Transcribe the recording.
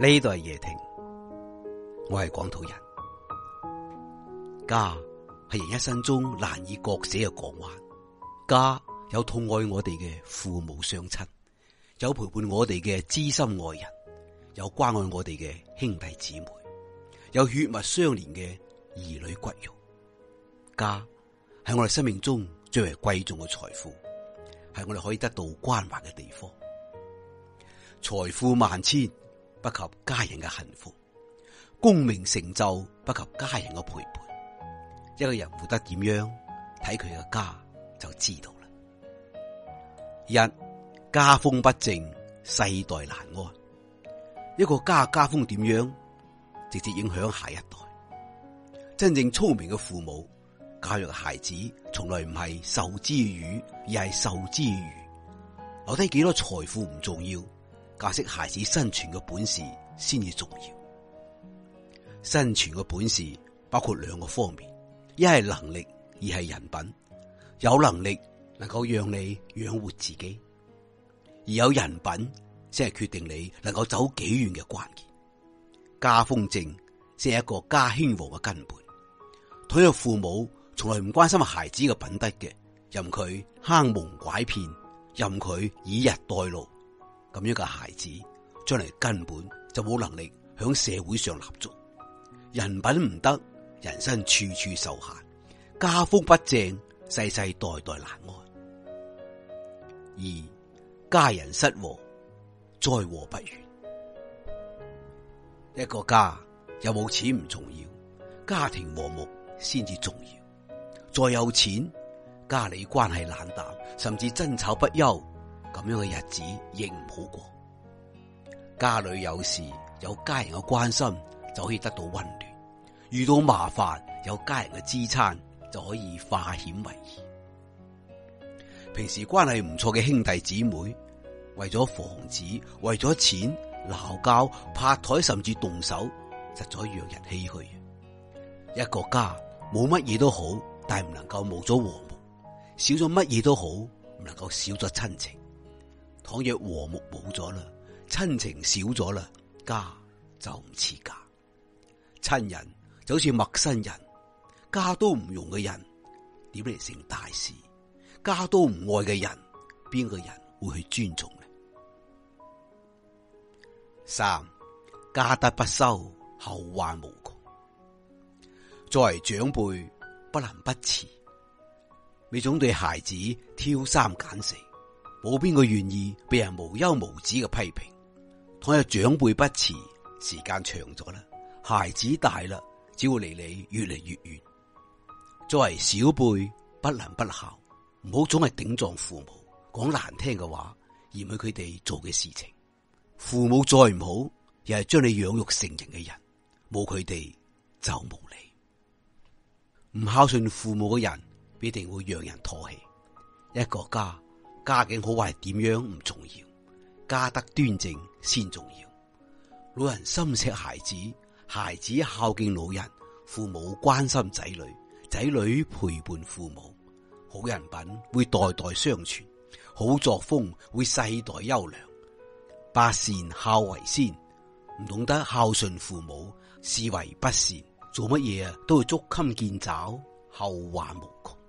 呢度係夜聽，我係廣土人，家係人一生中難以割捨嘅港灣，家有疼愛我哋嘅父母雙親，有陪伴我哋嘅知心愛人，有關愛我哋嘅兄弟姊妹，有血脈相連嘅兒女骨肉，家係我哋生命中最為貴重嘅財富，係我哋可以得到關懷嘅地方，財富萬千。不及家人嘅幸福，功名成就不及家人嘅陪伴。一個人活得點樣，睇佢嘅家就知道啦。一家風不正，世代難安。一個家家風點樣，直接影響下一代。真正聰明嘅父母，教育孩子從來唔係授之魚，而係授之漁。留低幾多財富唔重要。教識孩子生存嘅本事先至重要。生存嘅本事包括兩個方面：一係能力，二係人品。有能力能夠讓你養活自己，而有人品先係決定你能夠走幾遠嘅關鍵。家風正先係一個家興旺嘅根本。倘若父母從來唔關心孩子嘅品德嘅，任佢坑蒙拐騙，任佢以逸待勞。咁樣嘅孩子，將來根本就冇能力響社會上立足，人品唔得，人生處處受限，家風不正，世世代代難安。二家人失和，災禍不遠。一個家有冇錢唔重要，家庭和睦先至重要。再有錢，家裏關係冷淡，甚至爭吵不休。咁樣嘅日子亦唔好過。家裏有事，有家人嘅關心就可以得到溫暖；遇到麻煩，有家人嘅支撐就可以化險為夷。平時關係唔錯嘅兄弟姊妹，為咗房子、為咗錢鬧交、拍台，甚至動手，實在讓人唏噓。一個家冇乜嘢都好，但係唔能夠冇咗和睦；少咗乜嘢都好，唔能夠少咗親情。倘若和睦冇咗啦，親情少咗啦，家就唔似家，親人就好似陌生人，家都唔容嘅人，點嚟成大事？家都唔愛嘅人，邊個人會去尊重呢？三、家德不修，後患無窮。作為長輩，不能不慈，你總對孩子挑三揀四。冇邊個願意俾人無休無止嘅批評，倘若長輩不辭，時間長咗啦，孩子大啦，只會離你越嚟越遠。作為小輩，不能不孝，唔好總係頂撞父母，講難聽嘅話，嫌棄佢哋做嘅事情。父母再唔好，又係將你養育成人嘅人，冇佢哋就無你。唔孝順父母嘅人，必定會讓人唾棄一個家。家境好壞點樣唔重要，家得端正先重要。老人深錫孩子，孩子孝敬老人，父母關心仔女，仔女陪伴父母。好人品會代代相傳，好作風會世代優良。百善孝為先，唔懂得孝順父母，視為不善，做乜嘢啊，都會捉襟見肘，後患無窮。